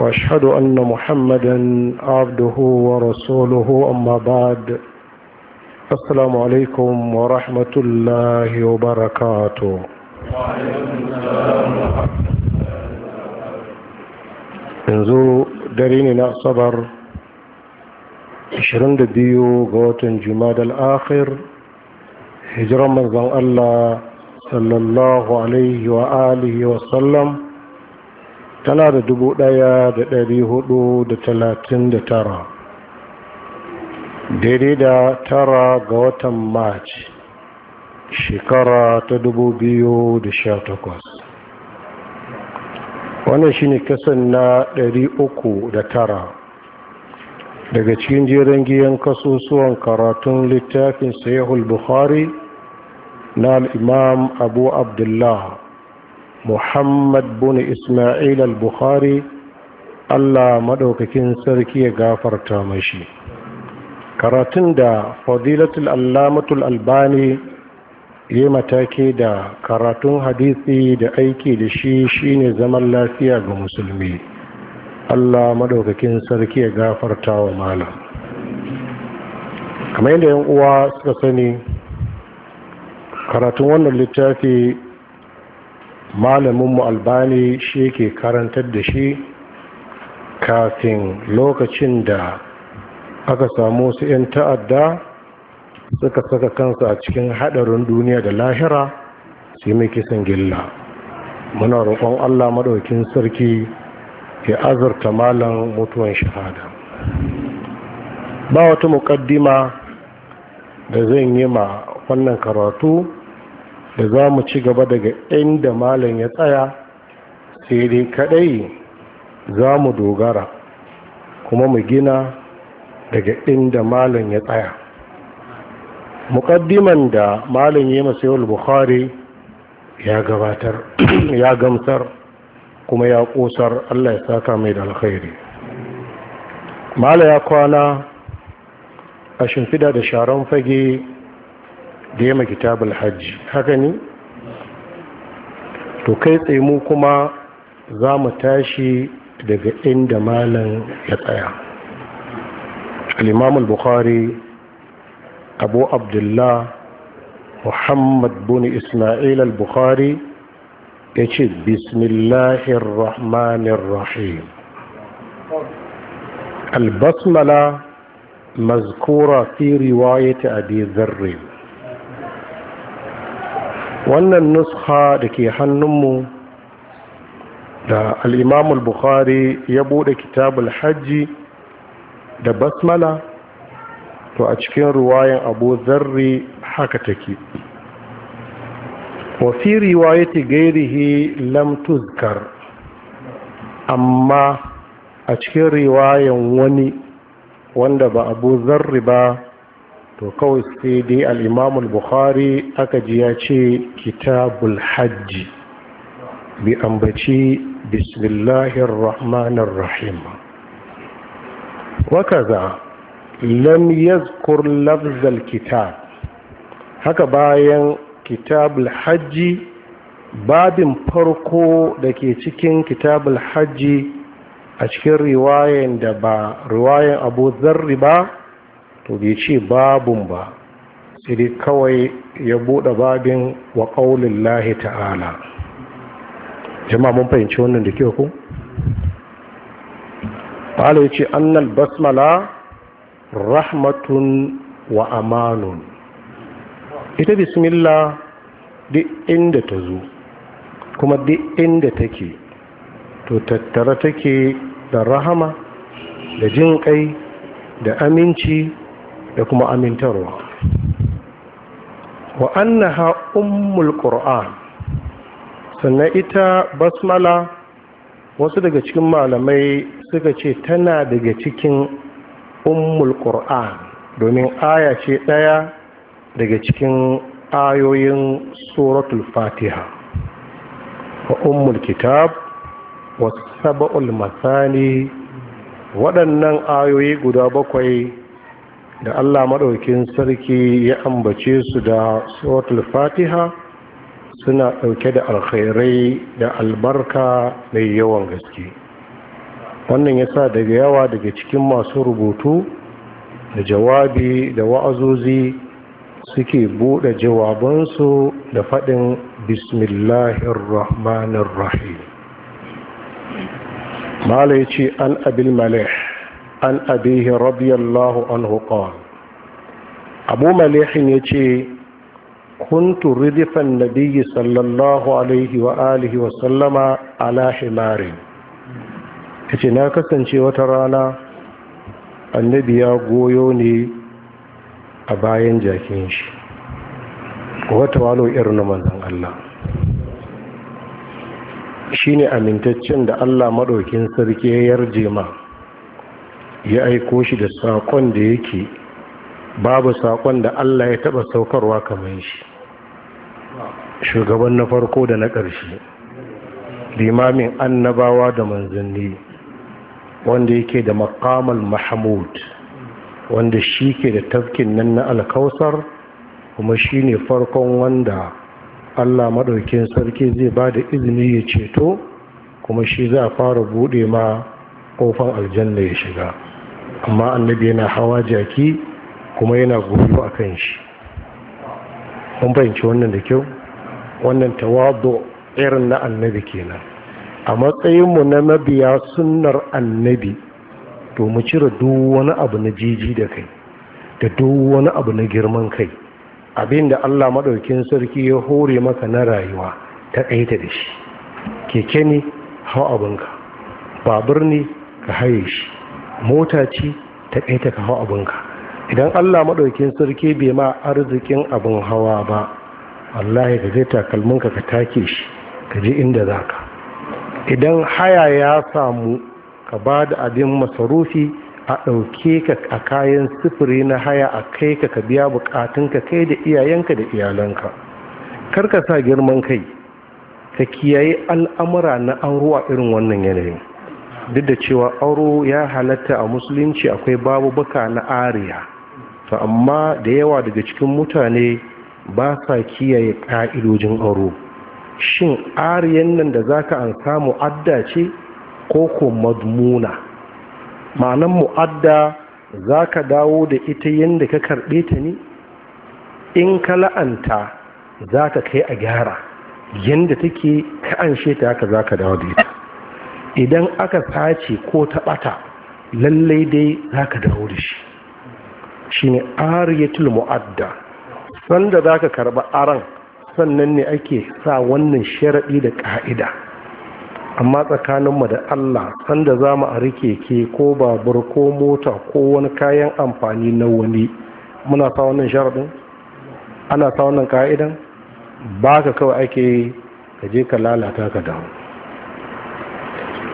واشهد ان محمدا عبده ورسوله اما بعد السلام عليكم ورحمه الله وبركاته yanzu dare ne na asabar 22 ga watan jumadal akhir hijiran manzon Allah sallallahu alaihi wa alihi wa sallam tana da dubu ɗaya da ɗari hudu da talatin da tara daidai da tara ga watan march shekara ta dubu biyu da sha takwas wannan shine kasan na ɗari uku da tara daga cikin jerin giyan kasusuwan karatun littafin sayahul Buhari na al'imam abu Abdullahi. muhammad bin ismail al-bukhari allah maɗaukakin sarki ya gafarta mashi karatun da fadilatul allamatul albani ya matake da karatun hadisi da aiki da shi shine zaman lafiya ga musulmi allah maɗaukakin sarki ya gafarta wa malam kamar yadda yan uwa suka sani karatun wannan littafi malaminmu albani shi ke karantar da shi kafin lokacin da aka samu su 'yan ta'adda suka saka kansu a cikin haɗarin duniya da lahira sai mai kisan gilla muna roƙon allah maɗaukin sarki ya azurta malam mutuwan shahada ba wata muƙaddima da zan yi ma wannan karatu da za mu ci gaba daga inda malam ya tsaya sai dai kadai za mu dogara kuma mu gina daga inda malam ya tsaya muƙaddiman da malam ya masu yawon bukhari ya gabatar ya gamsar kuma ya ƙusar allah ya saka mai da alkhairi Malam ya kwana a shimfida da sharon fage da yamma kitabul hajji haka ne to kai tsaimu kuma za mu tashi daga inda malam ya tsaya al bukhari abu abdullah muhammad bin ismail al-bukhari ya ce bismillahir rahmanir rahim البسملة مذكورة في رواية أبي ذر wannan nusha da ke hannunmu da al'imamul bukhari ya bude kitabul hajji da basmala to a cikin ruwayan abu zarri haka take wafi riwayati gairihi lam tuzkar amma a cikin riwayan wani wanda ba abu zarri ba to kawai sai dai al'imamul bukhari aka ji ya ce kitabul hajji bi ambaci bismillahir rahmanir rahim wakaza lam yazkur lafzal kitab haka bayan kitabul hajji babin farko da ke cikin kitabul hajji a cikin riwayen da ba riwayen abu zarri ba to bai ce babun ba sai kawai ya buɗe babin wa ƙaunin lahi ta'ala jama'a mun fahimci wannan da kyau ku? ta'ala ya ce annal basmala rahmatun wa amanun ita bismillah duk inda ta zo kuma duk inda take to tattara take da rahama da jin kai da aminci da kuma amintarwa wa annaha ummul qur'an sannan ita basmala wasu daga cikin malamai suka ce tana daga cikin ummul qur'an domin aya ce ɗaya daga cikin ayoyin suratul fatiha wa ummul kitab wa sab'ul masani waɗannan ayoyi guda bakwai da Allah maɗaukin sarki ya ambace su da suratul fatiha suna ɗauke da alkhairai da albarka mai yawan gaske wannan ya sa daga yawa daga cikin masu rubutu da jawabi da wa'azozi suke buɗe jawabansu da faɗin bismillahirrahmanirrahim mala ya ce an abil malai an abihi radiyallahu anhu qala abu malihin yace kuntu ridifan nabiyyi sallallahu alaihi wa alihi wa sallama ala himari yace na kasance wata rana annabi ya goyo ne a bayan jakin shi wata walo irin manzon Allah shine amintaccen da Allah maɗaukin sarki ya yarje ma ya aiko shi da saƙon da yake babu saƙon da Allah ya taɓa saukarwa kamar shi shugaban na farko da na ƙarshe limamin annabawa da manzanni wanda yake da makamal mahmud wanda shi ke da tafkin nan na alkausar kuma shi ne farkon wanda allah maɗaukin sarki zai ba da izini ya ceto kuma shi za a fara buɗe ma ƙofan aljanna ya shiga amma annabi yana hawa jaki kuma yana goyo a kan shi mun fahimci wannan da kyau wannan tawadu irin na annabi kenan a matsayinmu na mabiya sunnar annabi to mu cire duk wani abu na jiji da kai da duk wani abu na girman kai abin da allah maɗaukin sarki ya hore maka na rayuwa ta ƙaita da shi keke ne hau abinka babur ne ka haye shi mota ce ta kai ta kawo abinka idan allah maɗaukin sarki bai ma arzikin abin hawa ba wallahi ka je takalminka ka take shi ka ji inda za ka idan haya ya samu ka ba da abin masarufi a ɗauke ka a kayan sufuri na haya a kai ka ka biya ka kai da iyayenka da iyalanka kar ka sa girman kai ka kiyaye al'amura na an ruwa irin wannan yanayin duk da cewa auro ya halatta a musulunci akwai babu baka na ariya to amma da yawa daga cikin mutane ba sa kiyaye ka'idojin auro shin ariyan nan da zaka an samu adda ce ko ko madmuna ma'anan mu'adda ka dawo da ita yadda ka karɓe ta ne in ka la'anta za ka kai a gyara yadda take ka anshe ta haka ka dawo da ita idan aka sace ko taɓata, lallai dai za ka dawo da shi shi ne ariyatul mu'adda sanda za ka karɓi aran sannan ne ake sa wannan sharaɗi da ƙa'ida amma tsakaninmu da allah sanda za mu a rike ke ko babur ko mota ko wani kayan amfani na wani muna sa wannan sharaɗin ana sa wannan ka'idan ba ka kawai ake ka je ka lalata ka dawo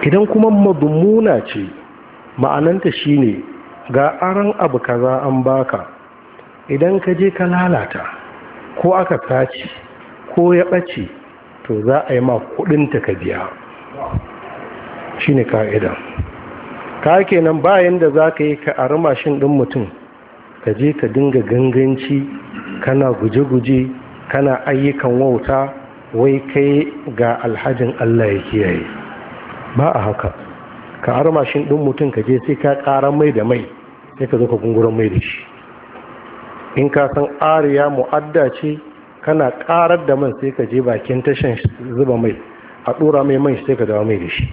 idan kuma madumuna ce ma'ananta shine ga aran abu kaza an baka idan ka je ka lalata ko aka sace ko ya ɓace to za a yi ma ta ka biya shine ka'ida ka kenan bayan da za ka yi ka ari mashin ɗin mutum ka je ka dinga ganganci kana guje-guje kana ayyukan wauta wai kai ga alhajin Allah ya kiyaye ba a haka ka armashin mashin ɗin mutum ka je sai ka ƙaran mai da mai sai ka zo ka gungura mai da shi in ka san ariya mu'adda ce kana ƙarar da man sai ka je bakin tashan zuba mai a ɗora mai man sai ka dawo mai da shi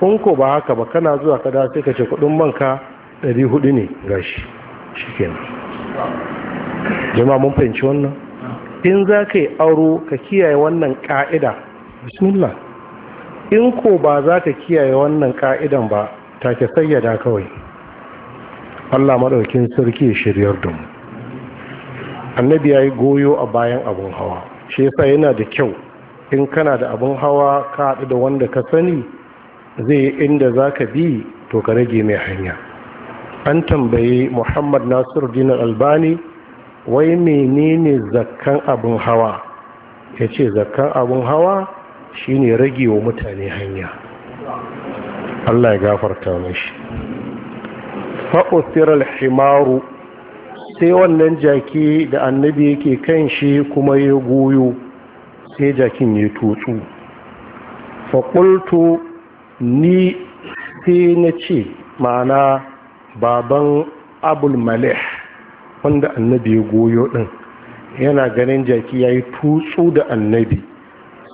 in ko ba haka ba kana zuwa ka dawo sai ka ce kuɗin ka ɗari hudu ne gashi shi nan jama'a mun fahimci wannan in za ka yi aro ka kiyaye wannan ƙa'ida bismillah in ko ba za ka kiyaye wannan ka'idan ba ta take sayyada kawai Allah maɗaukin sarki shiryar da mu annabi ya yi goyo a bayan abin hawa shi yasa yana da kyau in kana da abin hawa ka haɗu da wanda ka sani zai yi inda za ka bi to ka rage mai hanya an tambayi muhammad nasir dina albani wai menene zakkan abin hawa ya ce zakkan abin hawa shine rage wa mutane hanya Allah ya gafarta mashi fa'uthira al-himaru sai wannan jaki da annabi yake kan shi kuma ya goyo sai jakin ya tutsu Faƙulto ni sai na ce ma'ana baban abul wanda annabi ya goyo ɗin yana ganin jaki ya yi tutsu da annabi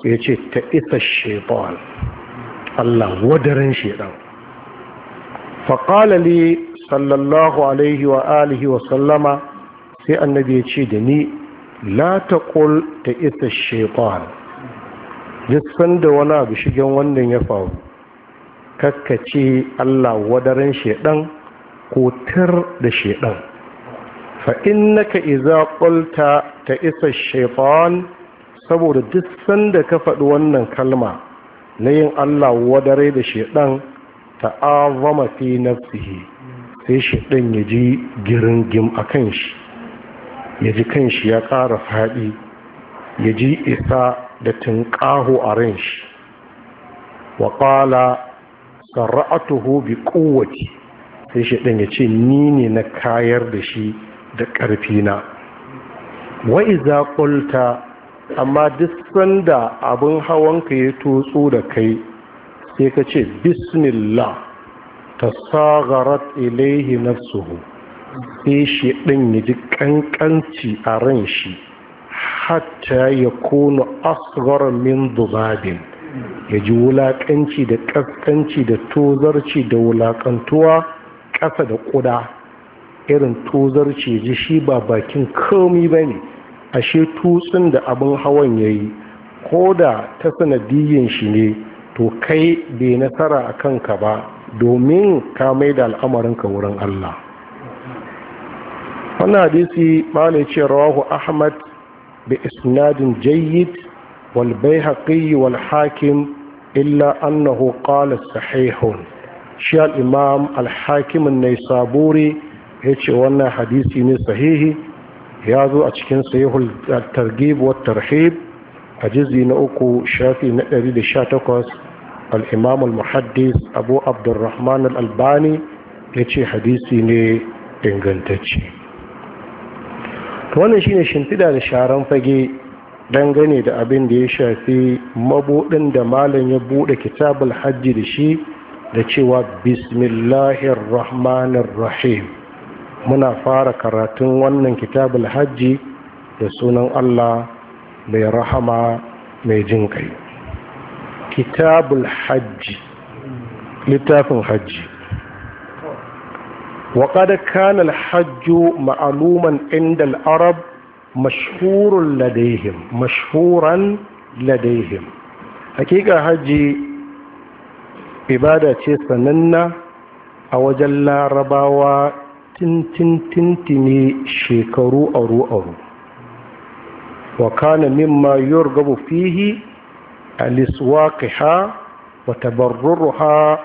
ya ce ta isa shaitan Allah wadaran shaitan faƙala li sallallahu alaihi wa alihi wa sallama sai annabi ya ce da ni la ta ƙul ta isa shaitan duk sanda wani abu shigen wannan ya faru kakkace Allah wadaran shaitan ko tar da shaitan fa innaka iza qulta ta isa shaitan saboda duk sanda ka faɗi wannan kalma na yin Allah wadare da shedan ta'azzama fi nafsihi sai shaɗan ya ji giringim a kan shi ya ji kan shi ya ƙara faɗi ya ji isa da tunƙaho a ran shi wa ƙala sarra'atuhu bi kowace sai shaɗan ya ce ni ne na kayar da shi da ƙarfina wa iza ƙulta amma duk sanda abin hawanka ya tutsu da kai sai ka ce bismillah ta sagarat ilaihi nafsuhu sai shi ɗin ya ji ƙanƙanci a ran shi hatta ya kono asgar min dubabin ya ji wulaƙanci da ƙasƙanci da tozarci da wulaƙantuwa ƙasa da ƙuda irin tozarci ji shi ba bakin komi ba ne ashe tutsin da abin hawan ya yi ko da ta sanadiyyin shi ne to kai bai nasara a kanka ba domin ka mai da al'amarinka wurin Allah wannan hadisi ne ce rawahu ahmad bi isnadin jayyid wal bayhaqi wal hakim illa annahu qala sahihun shi al imam al hakim an yace wannan hadisi ne sahihi ya zo a cikin sayihul targib wa tarhib a jizi na uku shafi na 118 al-imam al-muhaddis abu abdurrahman al-albani ce hadisi ne ingantacce wannan shine shimfida da sharan fage dangane da abin da ya shafi mabuɗin da malam ya buɗe kitabul hajji da shi da cewa bismillahir rahmanir rahim muna fara karatun wannan kitabul hajji da sunan Allah mai rahama mai jin kai kitabul hajji littafin hajji waƙada kan alhajju ma'aluman inda Arab mashhurun ladaihim mashhuran ladaihim hakika hajji ibada ce sananna a wajen larabawa tintintintini shekaru aru-aru wa kana mimma yurgabu fihi aliswaqiha wa tabarruruha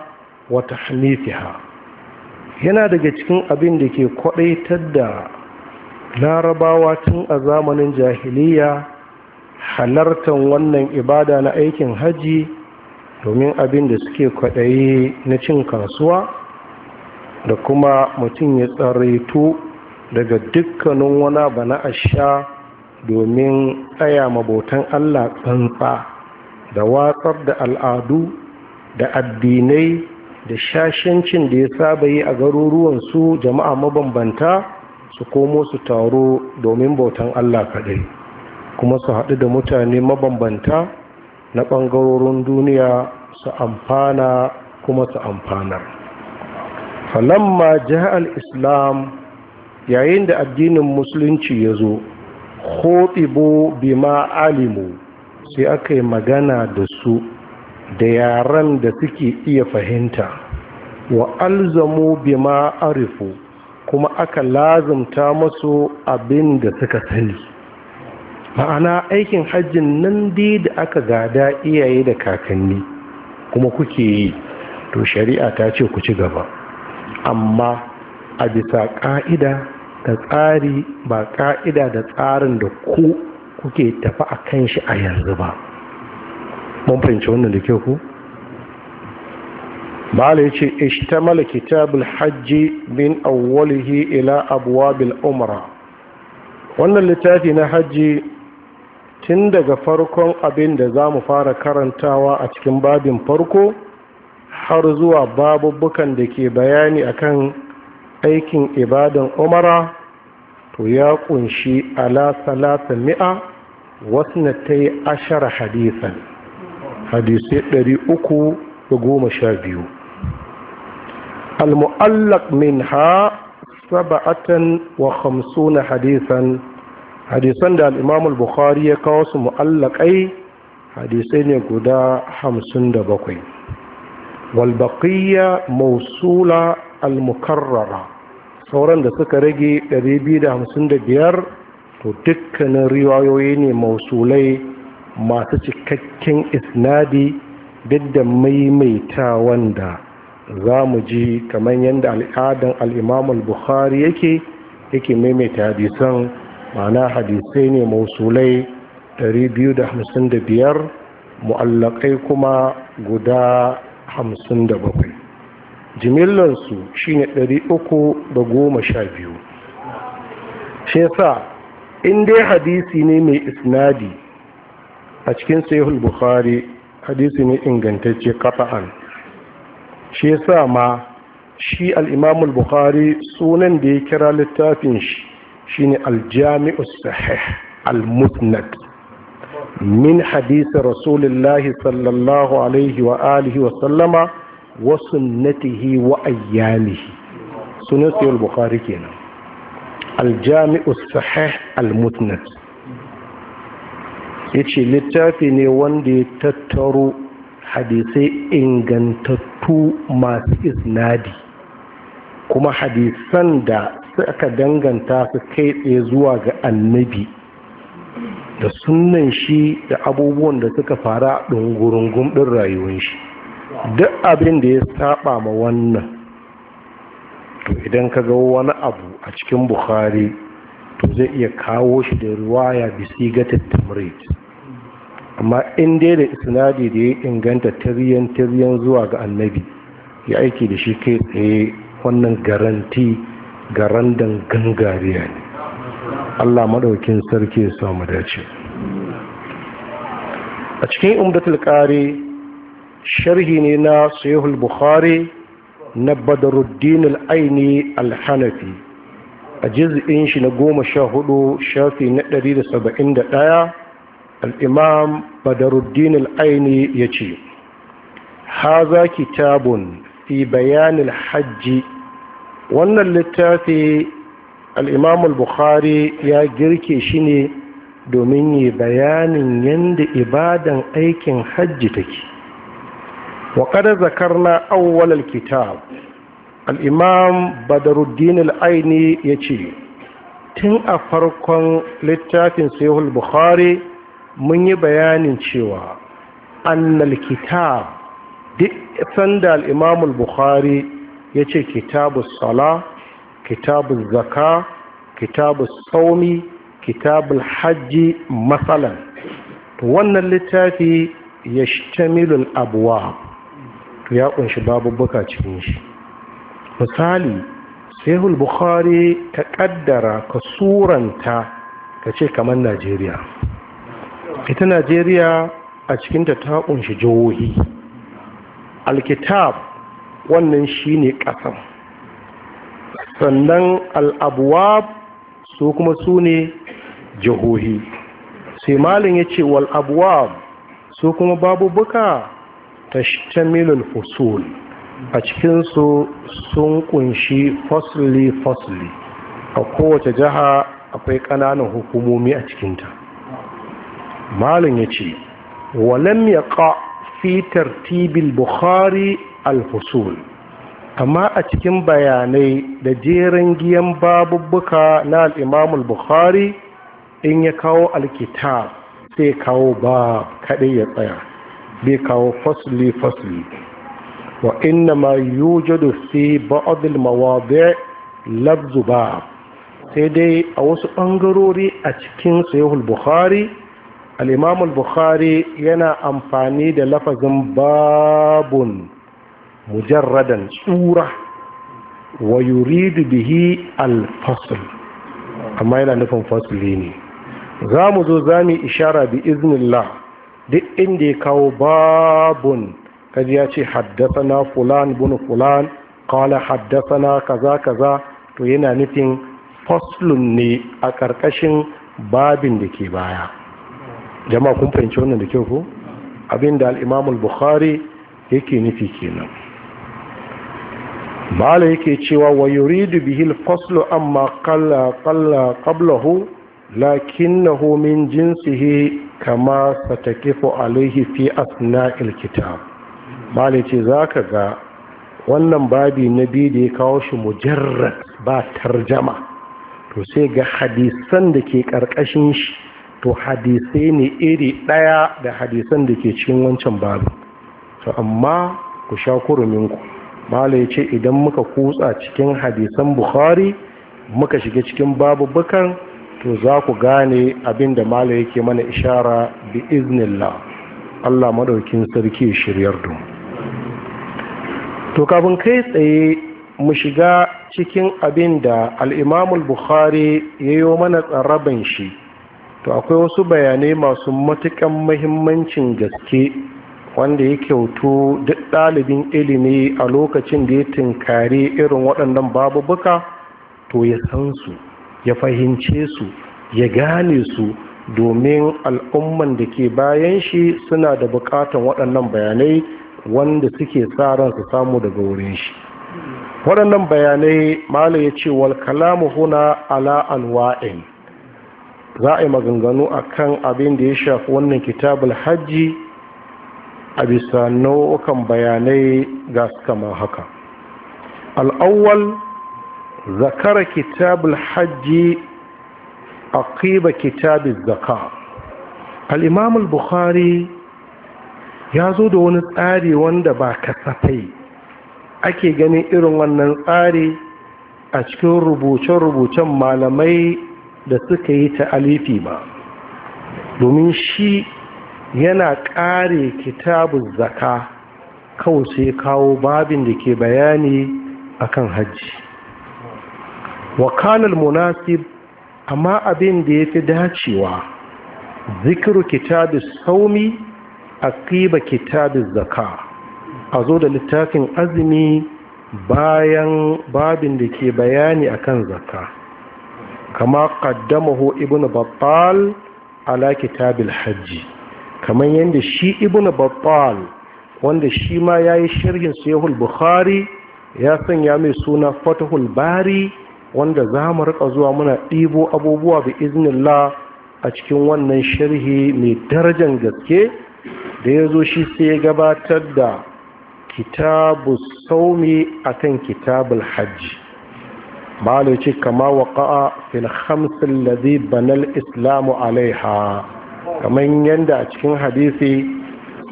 wa tahnifiha yana daga cikin abin da ke kwadaitar da larabawa tun a zamanin jahiliya halartar wannan ibada na aikin haji domin abin da suke kwaɗayi na cin kasuwa da kuma mutum ya tsaraito daga dukkanin wani abu na asha domin tsaya mabotan allah tsantsa da watsar da al'adu da addinai da shashancin da ya saba yi a garuruwansu jama'a mabambanta su komo su taro domin bautan allah kaɗai kuma su haɗu da mutane mabambanta na ɓangarorin duniya su amfana kuma su amfanar falamma jihar islam yayin da addinin musulunci ya zo khotibo bima alimu sai aka yi magana da su da yaran da suke iya fahimta wa alzamu bima arifu kuma aka lazumta masu abin da suka sani ma'ana aikin hajjin nan dai da aka gada iyaye da kakanni kuma kuke yi to shari'a ta ce ku ci gaba amma a bisa ƙa'ida da tsari ba ƙa'ida da tsarin da ku kuke tafi a kan shi a yanzu ba mun fahimci wannan da ke ku bala ya ce ishtamala kitabul hajji min awwalihi ila abwabil umra wannan littafi na hajji tun daga farkon abin da za mu fara karantawa a cikin babin farko har zuwa babubbukan da ke bayani akan aikin ibadan umara to ya kunshi ala salata mi'a wasu na ta yi ashara hadisan hadisai 312 al muallak min ha saba'atan wa hamsuna hadisan hadisan da al'imamul bukhari ya kawo su mu'allakai hadisai ne guda hamsin da bakwai walbaƙiyya mausula almukarrara sauran da suka rage 255 to dukkanin riwayoyi ne mausulai masu cikakken isnadi duk da maimaita wanda za mu ji kamar yadda al'adan al'imamul Buhari yake yake maimaita hadisan mana hadisai ne mausulai 255 mu'allakai kuma guda hamsin da bakwai jimillansu shine ɗari uku da goma sha biyu shi sa in dai hadisi ne mai isnadi a cikin sahihul bukhari hadisi ne ingantacce kafa'an shi sa ma shi al'imamul bukhari sunan da ya kira littafin shi shine aljami'us sahih al-musnad min hadisi rasulillahi sallallahu alaihi wa alihi wa sallama wa sunnatihi wa ayyamihi sunan sayyid bukhari kenan aljami'u sahih almutnad yace littafi ne wanda ya tattaro hadisai ingantattu masu isnadi kuma hadisan da suka danganta su kai tsaye zuwa ga annabi da sunan shi da abubuwan da suka fara ɗungurungun ɗin rayuwar shi duk abin da ya saba ma wannan to idan ka ga wani abu a cikin bukhari to zai iya kawo shi da ruwaya bisi ga tattamrit amma in dai da isnadi da ya inganta tiryan tiryan zuwa ga annabi ya aiki da shi kai tsaye wannan garanti garandan gangariya ne Allah maɗaukin sarki ya samu dace a cikin umdatul ƙari sharhi ne na sahihul bukhari na badaruddin al'aini aini al a juz'in shi na goma sha hudu shafi na ɗari da saba'in ɗaya, al-imam badruddin al-aini yace haza kitabun fi bayanin hajji wannan littafi al'imamul bukhari ya girke shi ne domin yi bayanin yadda ibadan aikin hajji take waƙadar zakar na awwalar kitab al'imam badaruddin al'aini ya ce tun a farkon littafin sahihul bukhari mun yi bayanin cewa annal kitab duk sanda al'imamul bukhari ya ce kitabu sala kitabul zaka kitabul saumi kitabul hajji matsalan wannan littafi ya shamilul abuwa to ya kunshi babubuka cikin shi misali sahihul bukhari ka ƙaddara ka suranta ka ce kamar najeriya ita najeriya a cikinta ta ƙunshi jihohi alkitab wannan shine ƙasan. sannan al'abuwab su kuma su ne jihohi sai malin ya ce wal'abuwab su kuma babubuka ta shamilul fusul a cikinsu sun kunshi fasli-fasli a kowace jiha akwai ƙananan hukumomi a cikinta malin ya ce walam ya ƙa fitar tibil bukhari al-fusul amma a cikin bayanai da jerin giyan babubbuka na al'imamul bukhari in ya kawo alkita sai kawo ba kaɗai ya tsaya bai kawo fasli-fasli wa inna ma yujadu fi ba'adil mawadi labzu ba sai dai a wasu ɓangarori a cikin sayuhul bukhari al'imamul bukhari yana amfani da lafazin babun mujarradan tsura wa yuridu bihi alfasul amma yana nufin fasuli ne za mu zo za mu ishara bi iznillah duk inda ya kawo babun kaji ya ce haddasana fulan bin fulan kala haddasana kaza kaza to yana nufin faslun ne a ƙarƙashin babin da ke baya jama'a kun fahimci wannan da kyau ko abinda al bukhari yake nufi kenan mala yake cewa wa yuridu bihil faslu amma qalla qalla qablahu lakinnahu min jinsihi kama satakifu alaihi fi asna'il kitab mala ce zaka ga wannan babi na biyu da ya kawo shi mujarrad ba tarjama to sai ga hadisan da ke karkashin shi to hadisai ne iri ɗaya da hadisan da ke cikin wancan babu to amma ku sha kuruminku mala ya ce idan muka kutsa cikin hadisan bukhari muka shiga cikin babu bukan to za ku gane abin da mala yake mana ishara bi iznillah allah maɗaukin sarki shiryar dum to kafin kai tsaye mu shiga cikin abinda al'imamul bukhari ya yi mana tsaraban shi to akwai wasu bayanai masu matuƙan mahimmancin gaske wanda ya kyautu duk ɗalibin ilimi a lokacin da ya tinkari irin waɗannan babubuka to ya san su ya fahimce su ya gane su domin al'umman da ke bayan shi suna da buƙatan waɗannan bayanai wanda suke sa ran su samu daga wurin shi waɗannan bayanai malai ya ce wal kalamu huna ala alwa'in za a yi maganganu a kan abin da ya shafi wannan kitabul hajji a bisa nau'ukan bayanai ga su kama haka al'awwal zakara kitabul hajji a ƙiba kitabin zaka al'imamul Buhari ya zo da wani tsari wanda ba kasafai ake ganin irin wannan tsari a cikin rubuce-rubucen malamai da suka yi ta alifi ba domin shi yana ƙare kitabun zaka kawai sai kawo babin da ke bayani akan hajji wakalar munasib amma abin da ya fi dacewa zikiru kitabun saumi a ƙiba kitabun zaka a zo da littafin azumi bayan babin da ke bayani akan zaka kama ƙaddamahu ibn babbal ala kitabil hajji kamar yadda shi ibn battal wanda shi ma ya yi shirgin sahihul bukhari ya sanya mai suna fatahul bari wanda za mu rika zuwa muna ɗibo abubuwa bi iznillah a cikin wannan sharhi mai darajan gaske da ya zo shi sai ya gabatar da kitabu saumi akan kitabul hajji Malam ce kama waƙa'a fil hamsin lazi banal islamu alaiha kamar yadda a cikin hadisi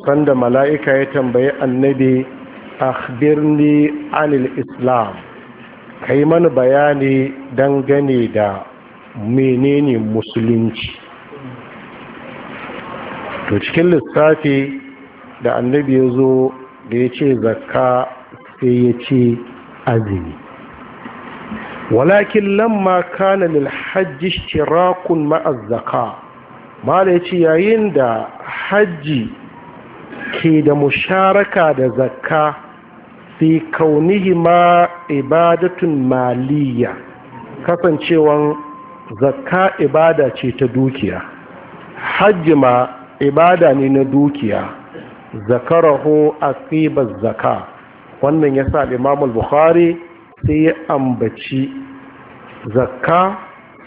sanda mala'ika ya tambayi annabi akhbirni anil islam ka yi mana bayani dangane da menene musulunci to cikin lissafi da annabi ya zo da ya ce zakka sai ya ce azumi walakin lamma kana lil hajji shirakun ma'az mala ya ce yayin da hajji ke da musharaka da zakka fi kaunihi ma ibadatun maliya kasancewan zakka ibada ce ta dukiya hajji ma ibada ne na dukiya zakaraho tsibar zakka. wannan ya sa imam bukhari sai ya ambaci zakka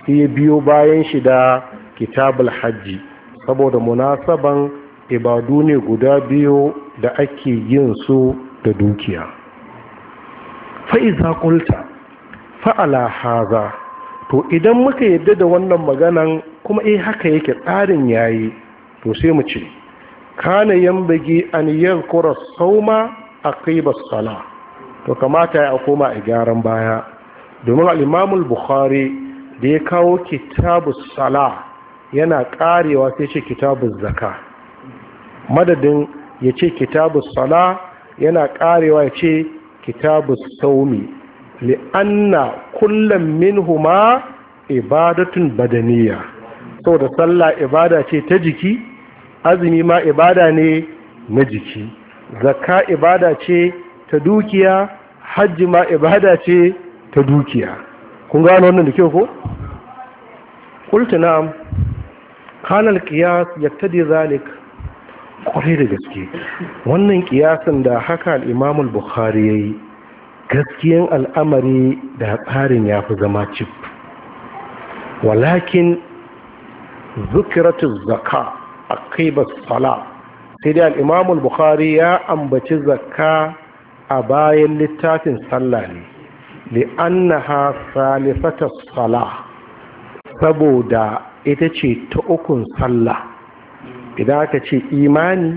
sai ya biyo bayan shi da kitabul hajji saboda munasaban ibadu ne guda biyu da ake yin su da dukiya fa'iza kulta fa'ala haza to idan muka yadda da wannan maganan kuma eh haka yake tsarin yayi to sai mu ce kana yambagi an yankura sauma a kaibar sala to kamata ya koma a gyaran baya domin al'imamul bukhari da ya kawo kitabu sala yana karewa sai ce kitabun zaka madadin ya ce kitabun sala yana karewa ya ce kitabun saumi li'anna kullum minhuma ibadatun badaniya sau da sallah ibada ce ta jiki azumi ma ibada ne na jiki zaka ibada ce ta dukiya hajji ma ibada ce ta dukiya kun gano wannan da kyau ko? kultu na'am kanal ya tadi zalik kwarai da gaske wannan kiyasin da haka al'imamul bukhari ya yi gaskiyan al'amari da tsarin ya fi zama cip. walakin zukiratu zaka a kai sala sai dai al'imamul bukhari ya ambaci zaka a bayan littafin sallah ne da annaha salifata sala saboda ita ce ta ukun sallah idan aka ce imani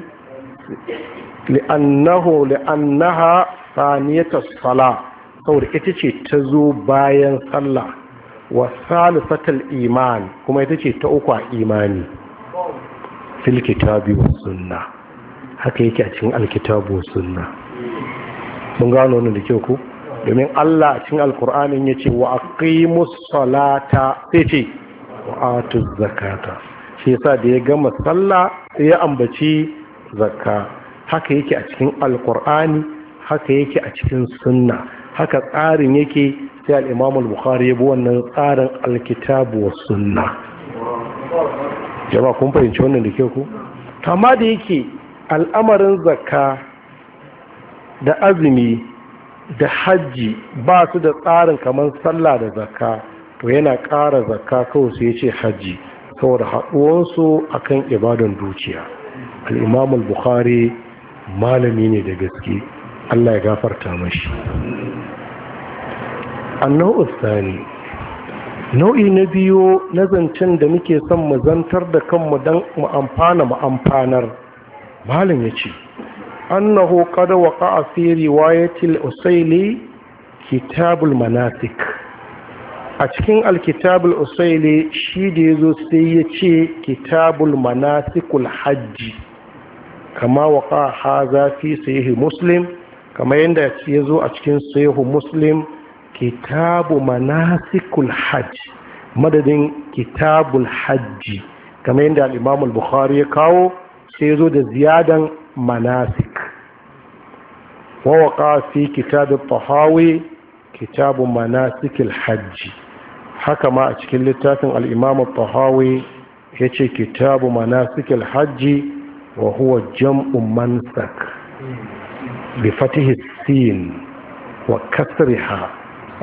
li'annahu li'annaha saniyatus sala saboda ita ce ta zo bayan sallah wa salifatar iman kuma ita ce ta uku a imani filkitabi wa haka yake a cikin alkitabu suna, sunna mun gano wani da ke ku, domin Allah a cikin ya ce wa aqimus salata sai ce wa zakata shi yasa da ya gama sallah sai ya ambaci zakka haka yake a cikin alkur'ani haka yake a cikin sunna haka tsarin yake sai al al-bukhari ya bi wannan tsarin alkitabu wa sunna jama'a kun fahimci wannan da ke ku amma da yake al'amarin zakka da azumi da hajji ba su da tsarin kamar sallah da zakka to yana ƙara zakka kawai sai ya ce hajji saboda haɗuwansu kan ibadan dukiya al’imamul buhari bukhari malami ne da gaske allah ya gafarta mashi annau Sani, nau'i na biyu na zancen da muke son mu zantar da kanmu don mu amfana mu amfanar malam ya ce annahu qad a fi riwayatil usaili kitabul manasik a cikin alkitabul usaili shi da ya zo sai ya ce kitabul manasikul hajji kama ƙaha za fi sahihi muslim kama yadda ya zo a cikin sahihu muslim kitabu manasikul hajji madadin kitabul hajji kama yadda al'imamul bukhari ya kawo sai ya zo da ziyadan manasik wa wa fi kitabul tahawi kitabu manasikul hajji haka ma a cikin littafin al'imamu Bahawe ya ce kitabu manasikil hajji wa huwa jam'un mansak bi fatihis sin wa kasriha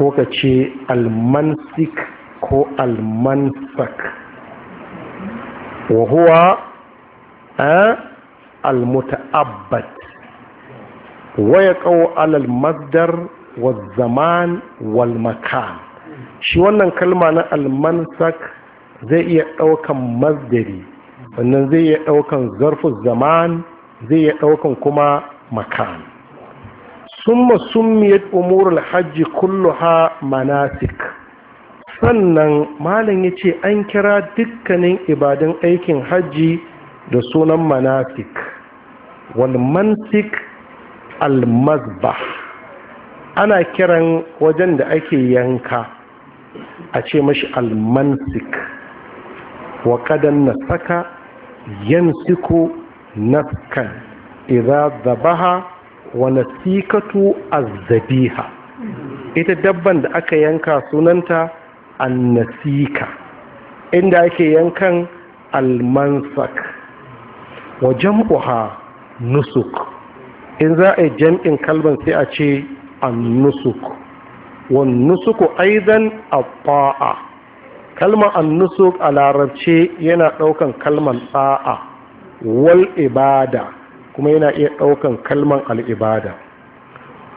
ko ka ce almansik ko almansak wa huwa almuta'abbad wa ya kawo alal masdar wa zaman wal makan shi wannan kalma na almansak zai iya ɗaukan mazdari wannan zai iya ɗaukan zarfin zaman zai iya ɗaukan kuma makan summa summiyat umurul hajji kulluha manasik sannan malam ya ce an kira dukkanin ibadin aikin hajji da sunan manasik walmansik mansik ana kiran wajen da ake yanka a ce mashi almansik wa kadan na saka yansiku naskan idza zabaha wa nasikatu azzabiha ita dabban da aka yanka sunanta annasika inda ake yankan almansak wa jam'uha nusuk in za a yi jam'in kalban sai a ce annusuk wannusuku aidan abba'a kalmar annusuk a larabce yana ɗaukan kalman ɗa'a wal ibada kuma yana iya ɗaukan kalman al'ibada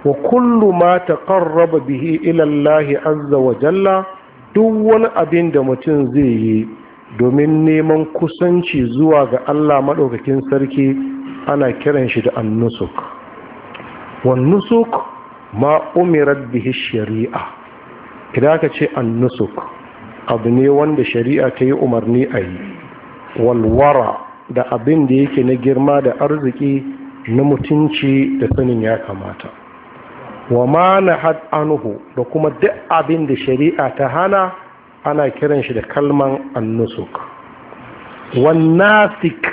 wa kullu ma taqarraba bihi ila Allah azza wa jalla duk wani abin da mutum zai yi domin neman kusanci zuwa ga Allah maɗaukakin sarki ana kiran shi da annusuk wannusuk ma umirat bihi shari'a idan aka ce annusuk abu ne wanda shari'a ta yi umarni a yi walwara da abin da yake na girma da arziki na mutunci da sanin ya kamata wa ma na anhu da kuma duk abin da shari'a ta hana ana kiran shi da kalman annusuk wannasik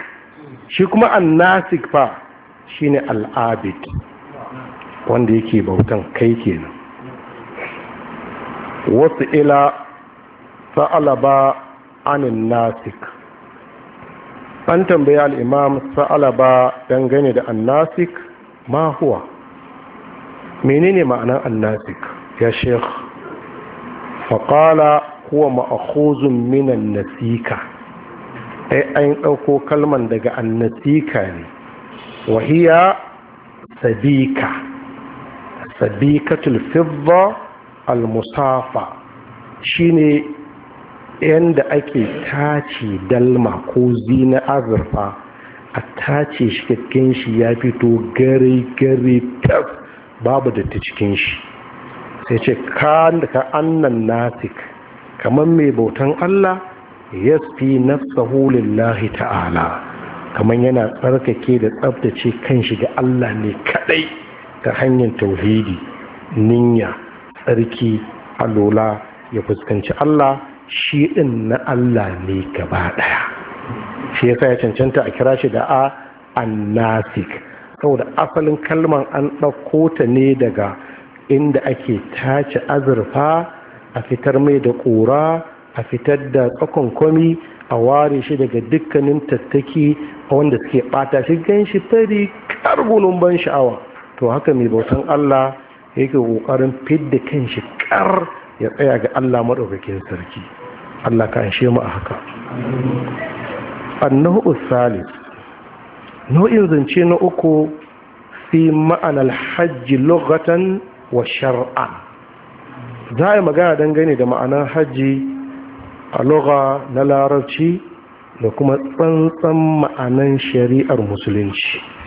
shi kuma annasik fa shine al'abid wanda yake bautan kai kenan wasu ila sa'alaba anin nasik an tambayi al'imam sa'alaba dangane da annasik ma huwa menene ma'anar annasik ya sheikh faƙala kuwa ma'akhuzun minan nasika ai an ɗauko kalman daga annasika ne wahiya sadika sabikatul fidda al-musafa shine yanda ake tace dalma ko zina azurfa a tace shi cikin shi ya fito gare gare tab babu da ta cikin shi sai ce ka ka annan nasik kaman mai bautan Allah yasfi nafsahu lillahi ta'ala Kaman yana tsarkake da tsabtace kanshi ga Allah ne kadai ta hanyar tauhidi ninya tsarki alola ya fuskanci Allah shi ɗin na Allah ne gaba ɗaya shi yasa ya cancanta a kira shi da a annasik saboda asalin kalmar an ɗauko ta ne daga inda ake tace azurfa a fitar mai da ƙura a fitar da tsakon kwami a ware shi daga dukkanin tattaki a wanda suke ɓata shi gan shi tari karbunun ban sha'awa to haka mai bautan Allah yake kokarin fidda kanshi kar ya tsaya ga Allah madaukakin sarki Allah ka anshe mu a haka annahu salis nau'in zance na uku fi ma'anar hajji lughatan wa shar'an za a yi magana dangane da ma'anar hajji a lugha na larabci da kuma tsantsan ma'anan shari'ar musulunci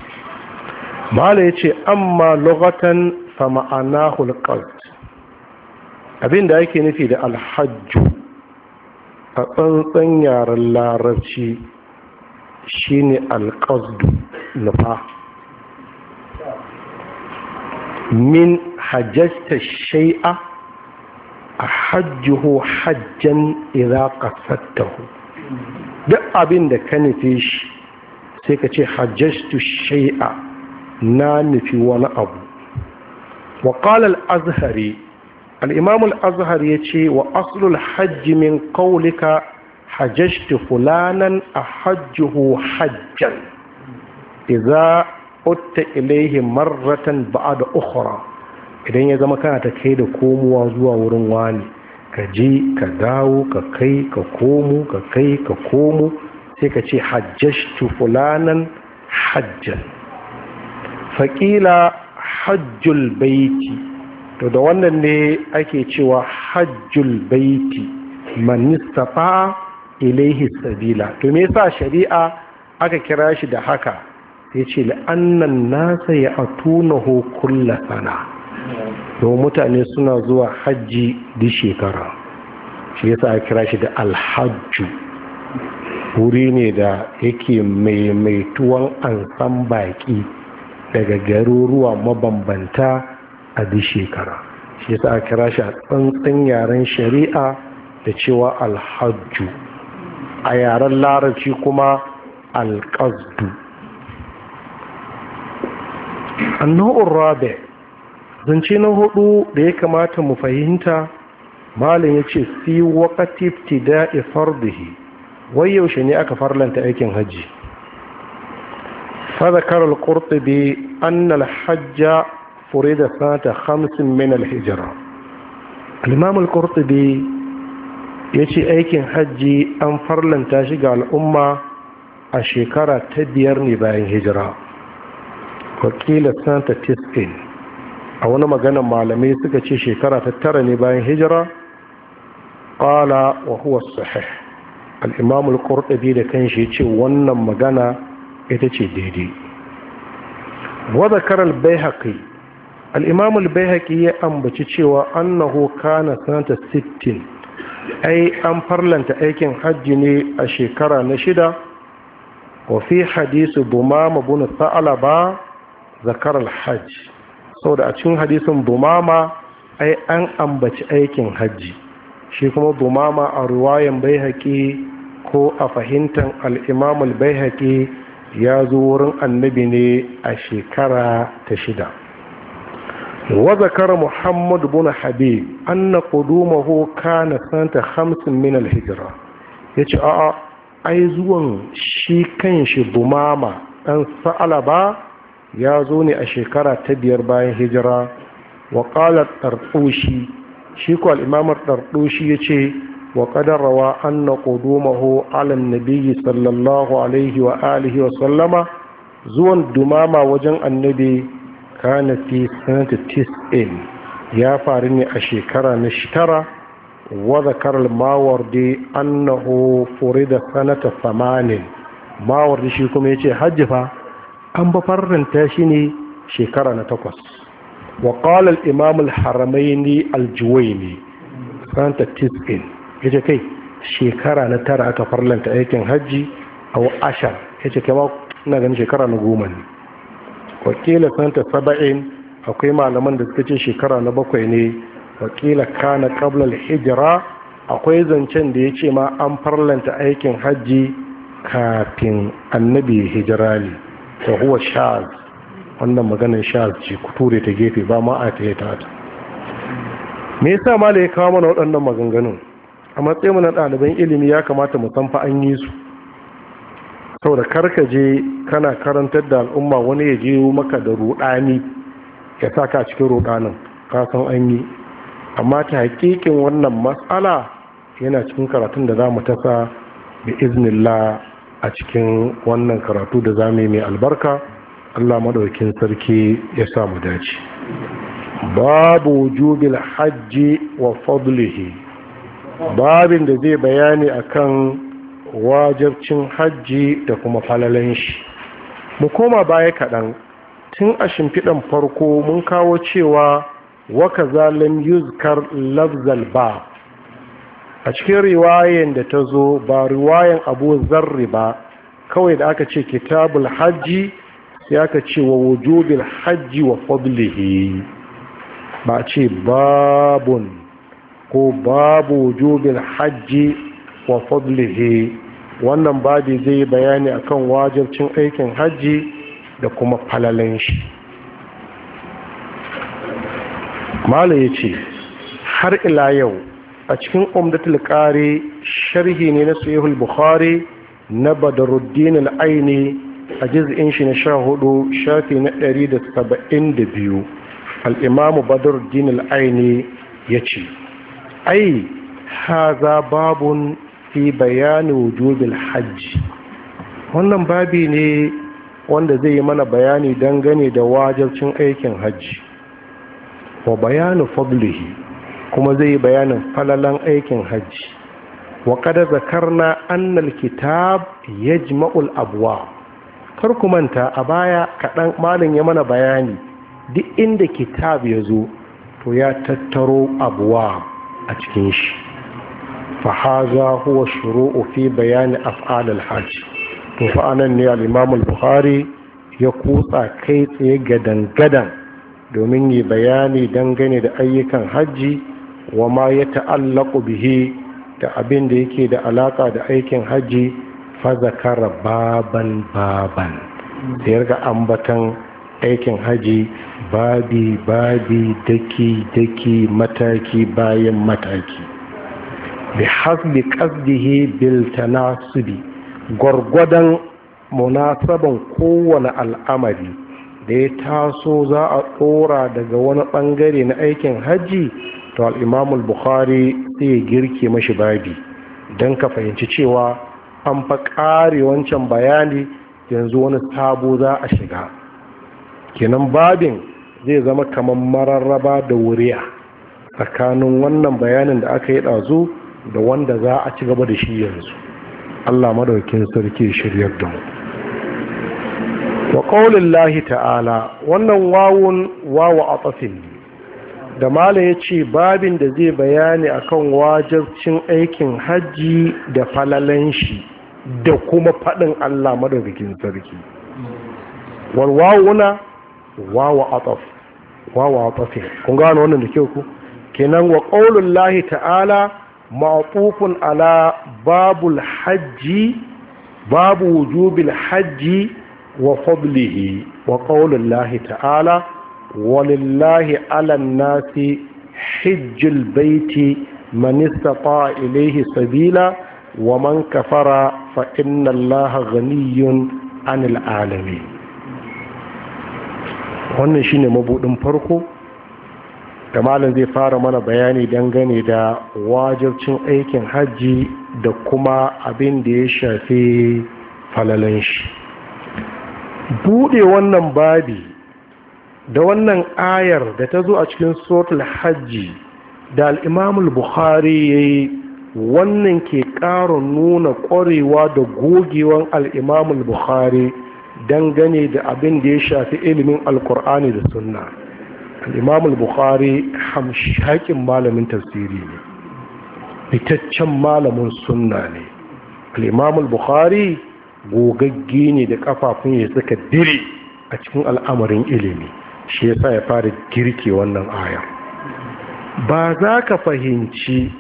mala ya ce amma lokatan fa ma'ana hulƙar abin da ake nufi da alhajju a tsantsan yaren larabci shine alƙasdu nufa min hajjasta shai'a a hajjuhu hajjan idza duk abin da ka nufi shi sai ka ce hajjastu shai'a na nufi wani abu wa qala azhari al-imam al-azhari wa aslul hajji min qawlika hajjajtu fulanan ahajjuhu hajjan Iza utta ilayhi marratan da ukhra idan ya zama kana ta kai da komowa zuwa wurin wani ka je ka dawo ka kai ka komo ka kai ka komo sai ka ce hajjashtu fulanan hajjan faƙila hajjul baiti to da wannan ne ake cewa hajjul baiti manistafa ilaihi sabila to me yasa shari'a aka kira shi da haka sai ce la'annan nasa ya atunahu kulla sana to mutane suna zuwa hajji duk shekara shi yasa aka kira shi da alhajju wuri ne da yake maimaituwan ansan baki. daga garuruwa mabambanta a duk shekara shi yasa a kira shi a tsantsan yaren shari'a da cewa alhajju a yaren larabci kuma alƙasdu annu'ur rabe zance na hudu da ya kamata mu fahimta malin ya ce fi waƙatif tida'i fardihi wai yaushe ne aka farlanta aikin hajji hajja fure فذكر القرطبي أن الحج فرد سنة خمس من aikin hajji an يشي أيكين ga al'umma a shekara ta biyar تبير bayan hijira. Wakilar سنة تسئين a wani magana malamai suka ce shekara ta tara ne bayan hijira kala wa huwa sahih al-imam al da kanshi ya ce wannan magana ita ce daidai wadda karar bai haƙi al'imamul bai haƙi ya ambaci cewa annahu kana sanata 60 ai an farlanta aikin hajji ne a shekara na shida wafi hadisu bumama sa’ala ba, zakarar hajji sau da a cikin hadisun bumama ai an ambaci aikin hajji shi kuma bumama a ruwayan bai haƙi ko a fahimtar al'imamul bai haƙi ya zo wurin annabi ne a shekara ta shida wazakara muhammadu buna habi an na ka kana santa hamsin min alhijira ya ce a'a ai zuwan shi kan shi Dan ɗan sa'alaba ya zo ne a shekara ta biyar bayan hijira wa ƙalar ɗarɗoshi shi ko al'imamar ɗarɗoshi ya ce وقد روى أن قدومه على النبي صلى الله عليه وآله وسلم زون دمامة وجن النبي كان في سنة تسئل يا فارني أشيكرا نشترى وذكر الماوردي أنه فرد سنة ثمان ماوردي شيكم يتي حجفا أم بفرن تاشيني شيكرا نتقص وقال الإمام الحرميني الجويني سنة تسئل ya ce kai shekara na tara aka farlanta aikin hajji a ashar ya ce kai ma ina ganin shekara na goma ne wakila santa saba'in akwai malaman da suka ce shekara na bakwai ne wakila kana qabla hijira akwai zancen da ya ce ma an farlanta aikin hajji kafin annabi hijira ne ta huwa shaz wannan maganin shaz ce ku ture ta gefe ba ma a ta me yasa ma da ya kawo mana waɗannan maganganun a matsayin na ɗaliban ilimi ya kamata mu san fa an yi su saboda je kana karantar da al'umma wani ya je maka da ruɗani ya sa ka cikin rudanin ka san an yi amma ta hakikin wannan matsala yana cikin karatun da za mu tasa da iznillah a cikin wannan karatu da za mu yi mai albarka Allah maɗaukin sarki ya sa mu dace babu jubil hajji wa fadlihi babin da zai bayani akan wajabcin hajji da kuma falalen shi mu koma baya kaɗan tun a shimfiɗan farko mun kawo cewa waka zalim yuzkar lafzal ba a cikin riwayen da ta zo ba riwayen abu zarri ba kawai da aka ce kitabul hajji sai aka ce wa wujubil hajji wa fadlihi ba ce babun ko babu wujubin hajji wa fadlihi wannan babi zai yi bayani akan wajibcin aikin hajji da kuma falalen shi mala ya ce har ila yau a cikin umdatul kare sharhi ne na sahihul bukhari na badaruddin al-aini a juz'in shi na hudu shafi na da al-imamu badaruddin al-aini ya ce ai haza babun fi bayani wujubil hajji wannan babi ne wanda zai yi mana bayani dangane da wajarcin aikin hajji wa bayani fablihi kuma zai yi bayanin falalan aikin hajji wa kada zakarna annal kitab yajma'ul abwa kar ku manta a baya kaɗan malin ya mana bayani duk inda kitab ya zo to ya tattaro abuwa a cikin shi fahaza huwa shuru'u fi bayani af'al hajj to fa anan ne al-imam ya kutsa kai tsaye gadan-gadan domin yi bayani dangane da ayyukan hajji wa ma ya ta'allaku bihi da abin da yake da alaka da aikin hajji fa zakara baban baban sai ga ambatan aikin hajji babi babi daki daki mataki bayan mataki bi hasbi qasdihi bil tanasubi gwargwadon munasaban kowane al'amari da ya taso za a tsora daga wani bangare na aikin hajji to al'imamul bukhari sai girke mashi babi don ka fahimci cewa an fa kare wancan bayani yanzu wani sabo za a shiga kenan babin zai zama kamar mararraba da wuriya tsakanin wannan bayanin da aka yi ɗazu da wanda za a ci gaba da shi yanzu allah madaukin sarki shiryar da mu wa ƙaunin ta'ala wannan wawun wawa a tsafin da mala ya ce babin da zai bayani akan wajabcin aikin hajji da falalan shi da kuma faɗin allah madaukin sarki walwawuna wawa a tsaf wa kun gano wannan da kyau ku kenan wa qaulul lahi ta'ala ma'tufun ala babul hajji babu wujubil hajji wa fadlihi wa qaulul lahi ta'ala walillahi 'alan nasi hijjil baiti man istata ilayhi sabila wa man kafara fa inna ghaniyyun 'anil 'alamin wannan shine mabudin farko da malam zai fara mana bayani dangane da wajibcin aikin hajji da kuma abin da ya shafi falalan shi bude wannan babi da wannan ayar da ta zo a cikin sotul hajji da al'imamul buhari ya yi wannan ke ƙara nuna ƙwarewa da gogewan al'imamul buhari dangane da abin da ya shafi ilimin alkur'ani da sunna al'imam bukhari hamshakin malamin tafsiri ne fitaccen malamin sunna ne al'imam bukhari gogagge ne da kafafun ya suka dire a cikin al'amarin ilimi shi yasa ya fara girke wannan aya ba za ka fahimci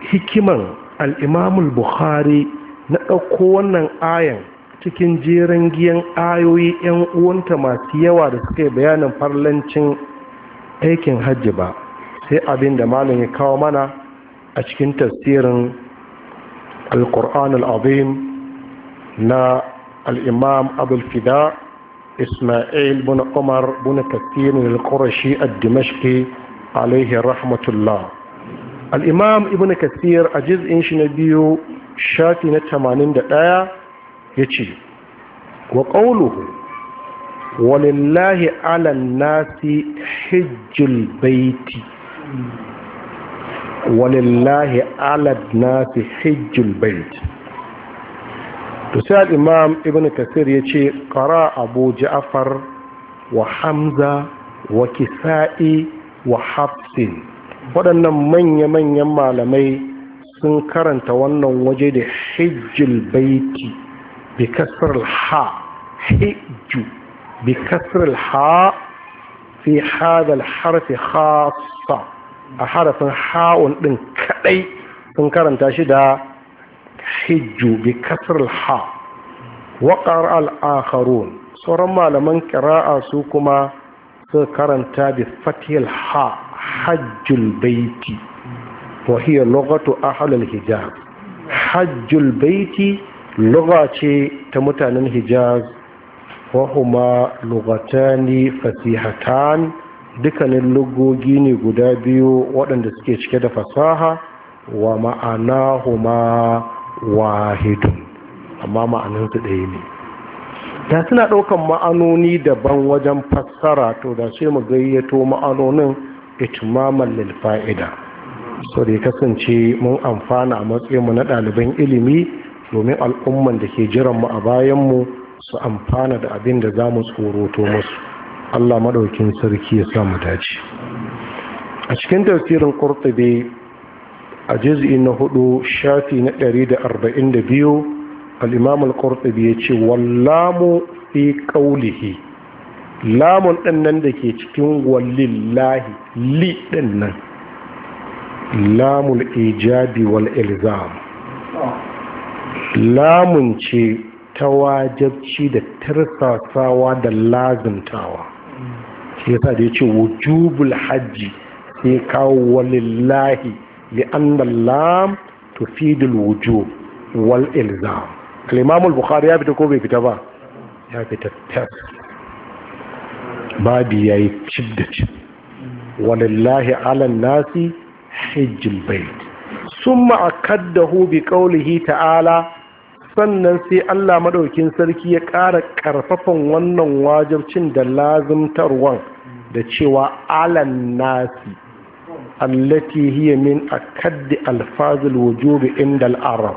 hikiman al'imamul bukhari na ɗauko wannan ayan cikin jerin giyan ayoyi 'yan uwanta masu yawa da suka yi bayanin farlancin aikin hajji ba sai abin da malam ya kawo mana a cikin tafsirin al-Azim na al'imam abulfida ismail bin umar bin tasirin al-qurashi ad alaihi rahmatullah al'imam ibn kasir a jiz'in shi na biyu shafi na ɗaya. ya ce wa ƙauluhu walillahi alan nasi hijjul baiti walillahi alan nasi hijjul baiti to sai al'imam ibn kasir ya ce ƙara abu ja'afar wa hamza wa kisa'i wa hafsin waɗannan manya-manyan malamai sun karanta wannan waje da hijjil baiti بكسر الحاء حج بكسر الحاء في هذا الحرف خاصة حرف حاء من كأي تنكرن تشدى حج بكسر الحاء وقرأ الآخرون صرما لمن قراءة سوكما تنكرن بفتح الحاء حج البيت وهي لغة أهل الحجاز حج البيت lura ce ta mutanen hijaz wahuma lugatani fasihatan dukkanin lugogi ne guda biyu waɗanda suke cike da fasaha wa ma'ana huma wahidun amma ma'anansu ɗaya ne da suna ɗaukan ma'anoni daban wajen fassara to da ce mu gayyato ma'anonin itimaman lil fa'ida so da ya kasance mun amfana a matsayinmu na ɗaliban ilimi domin al'umman da ke jiranmu a bayanmu su amfana da abin da za mu tsoroto musu allah maɗaukin sarki ya samu dace a cikin tafsirin ƙurtubi a jizi na hudu shafi na 142 biyu, al-ƙurtubi ya ce wallamu fi ƙaulihi lamun ɗannan da ke cikin wallillahi li ɗannan lamul ijabi wal ilzam lamun ce ta wajabci da tarsasawa da lazimtawa shi yasa da ya ce wujubul hajji sai kawo walillahi da lam tufidul wujub wal ilzam kalimamul bukhari ya fita ko bai fita ba ya fita tas ya yayi cib da cib walillahi ala nasi hajji bait sun hu bi ƙaulihi ta'ala sannan sai allah maɗaukin sarki ya ƙara ƙarfafan wannan wajabcin da lazimtarwan da cewa alan nasi allati hiya min akaddi alfazil wujubi inda al'arab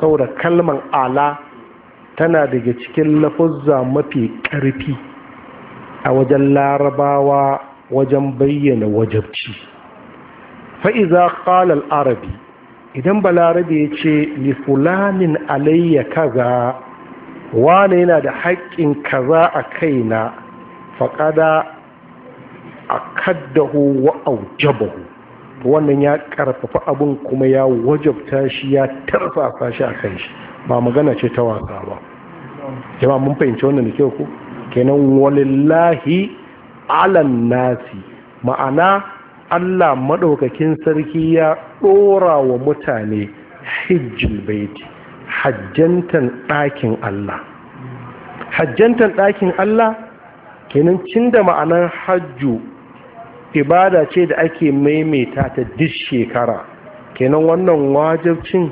saboda kalman ala tana daga cikin lafuzza mafi ƙarfi a wajen larabawa wajen bayyana wajabci fa'iza ƙalal arabi idan balarabe ya ce li fulanin alayya kaza wane yana da haƙƙin kaza a kaina faƙada a kaddahu wa aujabahu wannan ya ƙarfafa abin kuma ya wajabta shi ya tarfafa shi a kan shi ba magana ce ta wasa ba jama mun fahimci wannan da kyau ku kenan walillahi alan nasi ma'ana Allah maɗaukakin sarki ya ɗora wa mutane hijjil baiti hajjantan ɗakin Allah hajjantan ɗakin Allah kenan cin da ma'anar hajju ibada ce da ake maimaita ta duk shekara kenan wannan wajabcin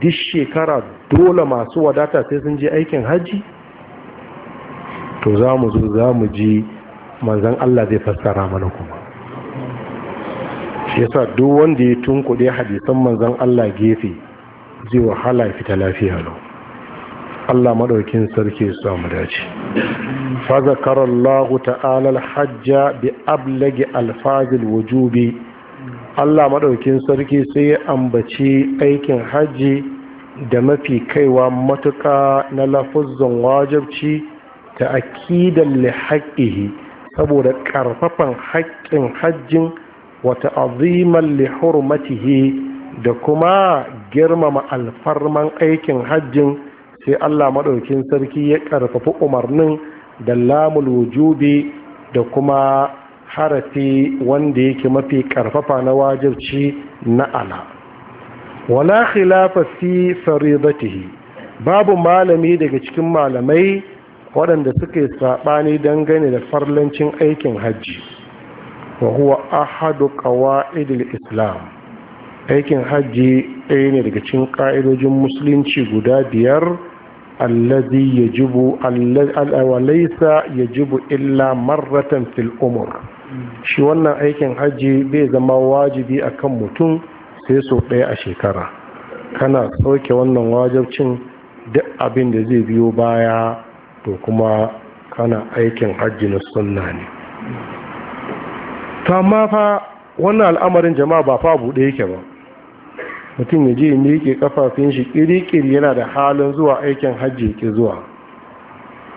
duk shekara dole masu wadata sai sun je aikin hajji to za mu zo za mu ji manzan Allah zai fassara mana kuma yasa duk wanda ya tunkuɗe hadisan manzon Allah gefe zai wahala fita lafiya lau Allah madaukin sarki ya samu dace fa zakara ta'ala hajja bi ablagi alfazil wujubi Allah maɗaukin sarki sai ya ambaci aikin hajji da mafi kaiwa matuka na lafuzzan wajibci ta akidan li saboda ƙarfafan haƙƙin hajjin wata aziman li da kuma girmama alfarman aikin hajjin sai Allah maɗaukin sarki ya ƙarfafi umarnin da lamul wujubi da kuma harafi wanda yake mafi ƙarfafa na wajibci na ala wala khilafa fi faridatihi babu malami daga cikin malamai waɗanda suke saɓani dangane da farlancin aikin hajji wa huwa ahadu qawaidil islam aikin hajji ɗaya ne daga cikin ƙa'idojin musulunci guda biyar allazi yajibu ya yajibu illa marratan fil shi wannan aikin hajji bai zama wajibi akan mutum sai so ɗaya a shekara kana sauke wannan wajabcin duk abin da zai biyo baya to kuma kana aikin hajji na sunna ne ta ma fa wannan al'amarin jama'a ba fa buɗe yake ba mutum ya je ya miƙe kafafin shi ƙiriƙiri yana da halin zuwa aikin hajji ke zuwa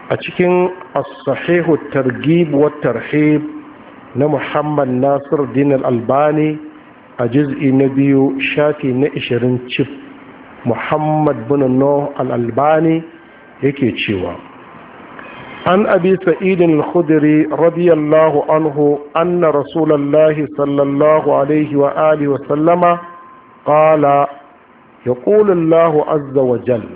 a cikin Asahihu Targib wa tarhib na Muhammad Nasir Din albani a juz'i na biyu shafi na 20 cif Muhammad bin Nuh Al-Albani yake cewa An abi سعيد الخدري رضي الله عنه أن رسول الله صلى الله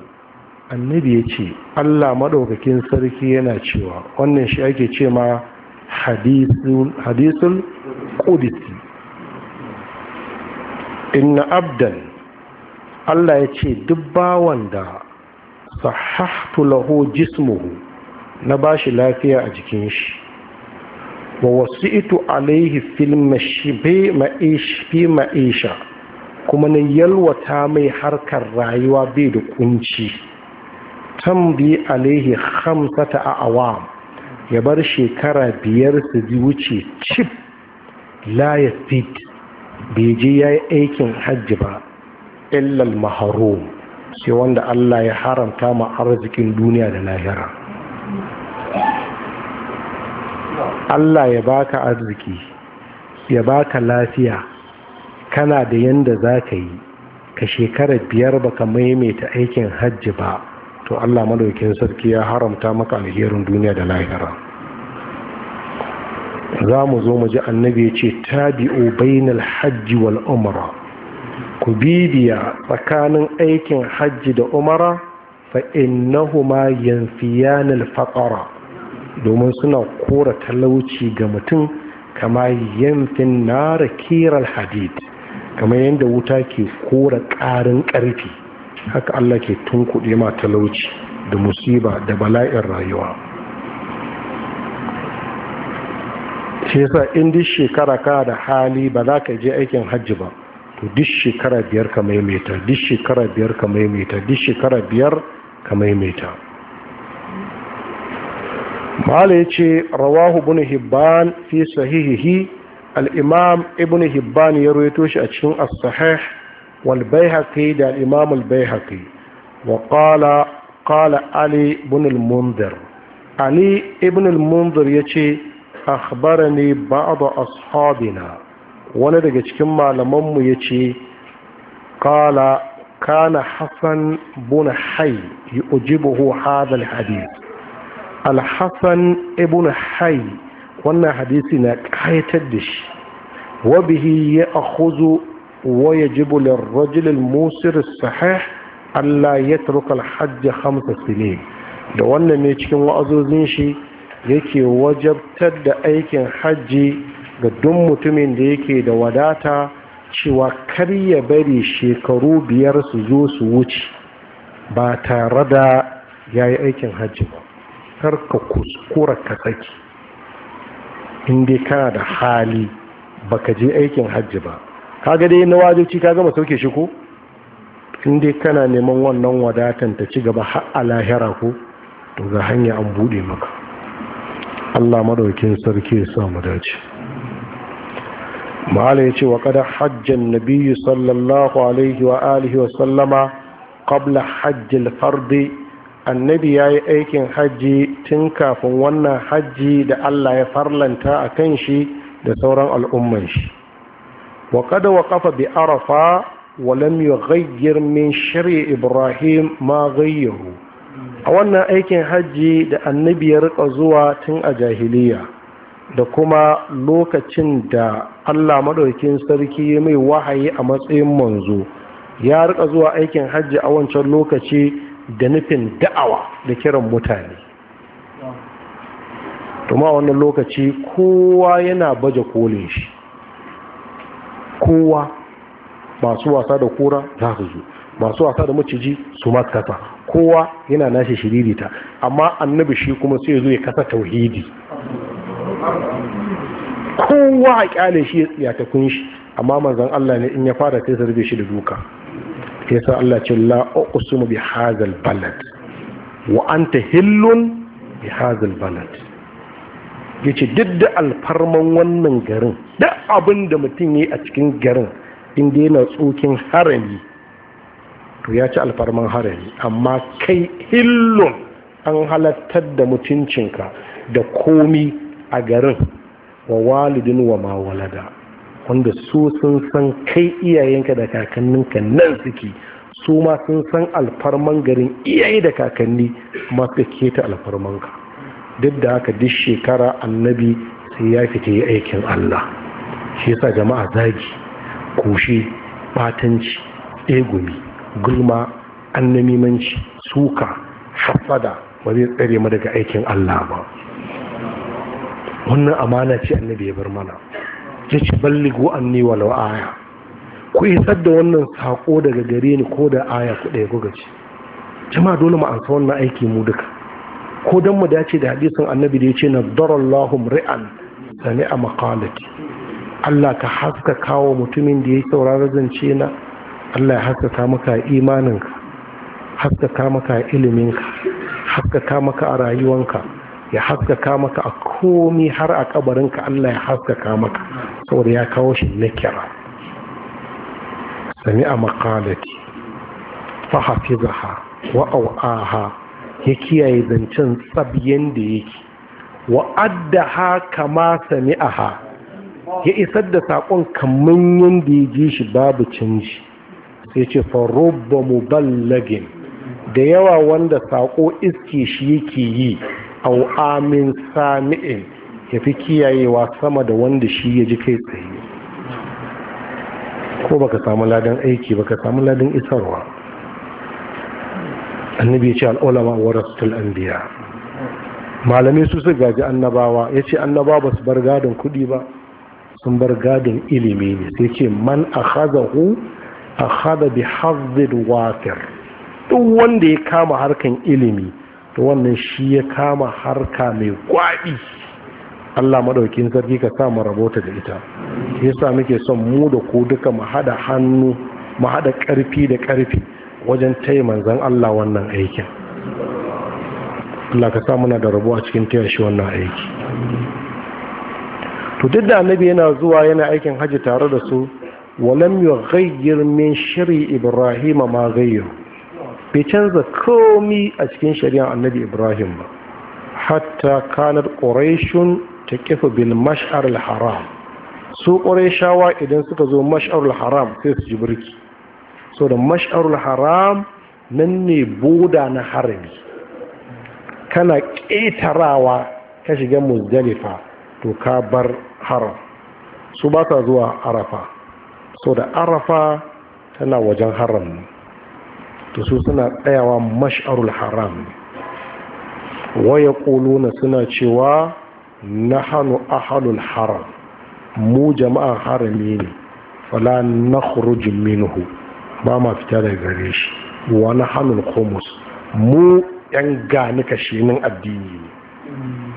annabi ya ce allah maɗaukakin sarki yana cewa wannan shi ake ce ma hadisul ƙudisi inna abdan allah ya ce duk bawan da sahahtu lahu jismuhu na ba shi lafiya a jikin shi wa wasu ito alaihi fi ma'isha kuma na yalwata mai harkar rayuwa bai da kunci tambi alaihi hamsata a awam ya bar shekara biyar su ji wuce cif laya fit bai je ya yi aikin hajji ba illal maharo sai wanda allah ya haramta ma arzikin duniya da lahira Allah ya baka arziki ya baka lafiya kana da yanda za ka yi ka shekarar biyar baka maimaita aikin hajji ba to Allah madaukin sarki ya haramta maka alherin duniya da lahira za mu zo mu ji annabi ya ce tabi'u bainal hajji wal umara ku bibiya tsakanin aikin hajji da umara fa innahuma yanfiyan al domin suna kora talauci ga mutum kama yanfin nara kiral hadid kama yadda wuta ke kora ƙarin ƙarfi haka Allah ke tun tunkuɗe ma talauci da musiba da bala'in rayuwa Ke sa in duk shekara ka da hali ba za ka je aikin hajji ba to duk shekara biyar ka maimaita duk shekara biyar ka maimaita duk shekara biyar ka maimaita mala ya ce rawahu bunu hibban fi sahihihi al'imam imam ibn hibban ya roito shi a cikin as-sahih wal haƙi da al bai haƙi wa ƙala ƙala ali ibn al-mundhir ali ibn al-mundhir a akhbarani ashabina wani daga cikin malamanmu ya ce ƙala. kana hassan bun hay yujibuhu hadha alhadith wannan hadisi na kayatar da shi wa bihi ya'khudhu wa yajibu lirrajul almusir sahih Allah ya turka alhajj hamsa sinin da wannan ne cikin wa'azozin shi yake wajabtar da aikin hajji ga duk mutumin da yake da wadata cewa kar ya bari shekaru biyar su zo su wuce ba tare da ya yi aikin hajji ba kar ka kuskura ka saki in dai kana da hali baka je aikin hajji ba kaga dai na wajibci ka gama sauke shi ko in dai kana neman wannan wadatan ta ci gaba har a lahira ko to ga hanya an buɗe maka Allah madaukin sarki ya samu mu dace mahala ya ce wa kada hajjan nabiyu sallallahu alaihi wa alihi wa sallama hajjil fardi annabi ya yi aikin hajji tun kafin wannan hajji da allah ya farlanta a kan shi da sauran al'umman shi wa kada wa kafa bi arafa wa lam gayyar min shirya ibrahim ma ghayyahu a wannan aikin hajji da annabi ya riƙa zuwa tun a jahiliya da kuma lokacin da Allah maɗaukin sarki ya mai wahayi a matsayin manzo ya rika zuwa aikin hajji a wancan lokaci da nufin da'awa da kiran mutane tuma wannan lokaci kowa yana baje kolin shi kowa masu wasa da kura za su zo masu wasa da maciji su makasa kowa yana nashi shiririta amma annabi shi kuma sai zo ya kasa tauhidi kowa a kyale shi ya ta kunshi amma mazan Allah ne in ya fara kai zarbe shi da duka sai sa Allah ce la mu bi hazal balad wa anta hillun bi hazal balad yace duk da alfarman wannan garin duk abin da mutum yi a cikin garin inda yana tsokin harami to ya ci alfarman harami amma kai hillun an halattar da mutuncinka da komi a garin wa walidin wa ma walada wanda su sun san kai iyayenka da kakanninka nan suke su ma sun san alfarman garin iyaye da kakanni masu keta alfarmanka duk da haka duk shekara annabi sai ya fita yi aikin allah shi yasa jama'a zagi kushe batanci egumi gulma annamimanci suka hafada ba zai tsare mu daga aikin allah ba wannan amana ce annabi ya bar mana ya ci balligo anni walau aya ku isar da wannan sako daga gare ni ko da aya ku ɗaya ku gaci jama'a dole mu ansa wannan aiki mu duka ko dan mu dace da hadisin annabi da ya ce nadarallahu ri'an a makalati Allah ka haska kawo mutumin da ya saurara zance na Allah ya haskaka maka imaninka haskaka maka iliminka haskaka maka a rayuwanka ya haskaka maka a komi har a kabarinka Allah ya haskaka maka saboda ya kawo shi na kira sami a makalati fahafizaha wa ha, ya kiyaye zancen tsabiyan da yake wa ha kama ha, ya isar da saƙon kamar yadda ya ji shi babu canji sai ce farobba muballagin da yawa wanda saƙo iske shi yake yi au amin sami'in ya fi kiyayewa sama da wanda shi ya ji kai tsaye ko baka samu ladan aiki baka samu ladan isarwa annabi ya ce al'ulama wa rasul anbiya malamai su su gaji annabawa ya ce annabawa ba su bar gadon kudi ba sun bar gadon ilimi ne sai ce man a a haza bi hazzid wafir duk wanda ya kama harkan ilimi to wannan shi ya kama harka mai kwaɗi Allah maɗaukin sarki ka kama rabota da ita yasa muke son mu da ku duka mu haɗa hannu mu haɗa ƙarfi da ƙarfi wajen taya manzan Allah wannan aikin Allah ka sa muna da rabo a cikin taya shi wannan aiki to duk da annabi yana zuwa yana aikin hajji tare da su walam yughayyir min shiri ibrahima ma ghayyaru bai canza komi a cikin shari'ar annabi ibrahim ba hatta kanar ƙorashin ta kifa bin mash'ar haram su ƙorashawa idan suka zo mash'ar haram sai su ji birki so da mash'ar haram nan ne buda na harami kana ƙetarawa ka shiga muzdalifa to ka bar haram su ba zuwa arafa so da arafa tana wajen haram ne to su suna tsayawa mash'arul haram waya kuluna suna cewa na hannu ahalul haram mu jama'a harami ne fala na minuhu ba ma fita daga gare shi wani hannun komus mu yan gani nin addini ne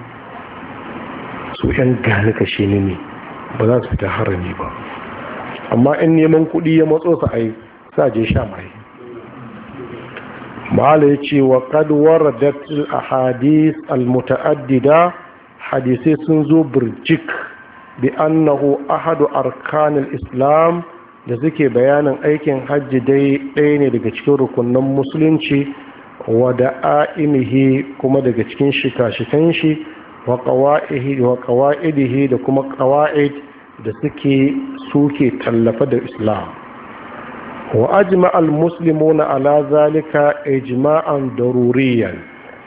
su yan gani kashini ne ba za su fita harami ba amma in neman kudi ya matso su yi sa je sha mai mahala ya ce wa kadwar da ahadis almuta'addida hadisai sun zo birjik bi annahu ahadu arkanil islam da suke bayanin aikin hajji dai ɗaya ne daga cikin rukunan musulunci wa da a'imihi kuma daga cikin shika-shikan shi wa da kuma ƙawa'id da suke suke tallafa da islam wa ajma al-muslimuna ala zalika ijma'an daruriyan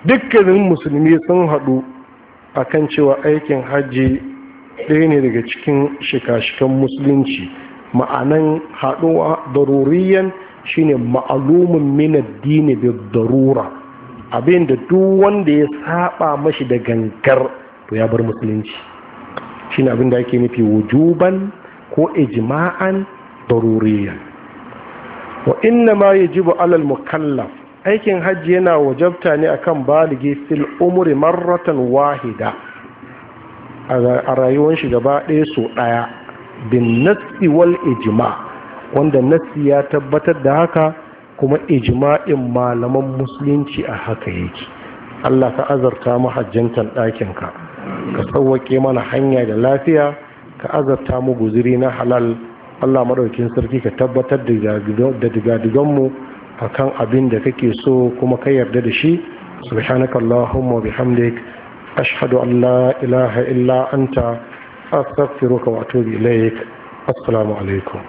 dukkanin musulmi sun haɗu akan cewa aikin hajji ɗaya ne daga cikin shika-shikan musulunci ma'anan haɗuwa daruriyan shine ma'alumin min addini da darura abinda duk wanda ya saba mashi da gangar to ya bar musulunci shine abin da ake nufi wujuban ko ijma'an daruriyan wa inna ma yajibu alal mukallaf aikin hajji yana wajabta ne kan baligi fil umri marratan wahida a rayuwar shi gaba ɗaya so ɗaya bin nasi wal ijma wanda nasi ya tabbatar da haka kuma ijma'in malaman musulunci a haka yake Allah ka azarta mu hajjantan ɗakinka ka sauwaƙe mana hanya da lafiya ka azarta mu guziri na halal Allah maɗaukin sarki ka tabbatar da digadiganmu a kan abin da kake so kuma ka yarda da shi subhanaka Allahumma bihamdik ashhadu an la ilaha illa anta astaghfiruka wa atubu ilaik assalamu alaikum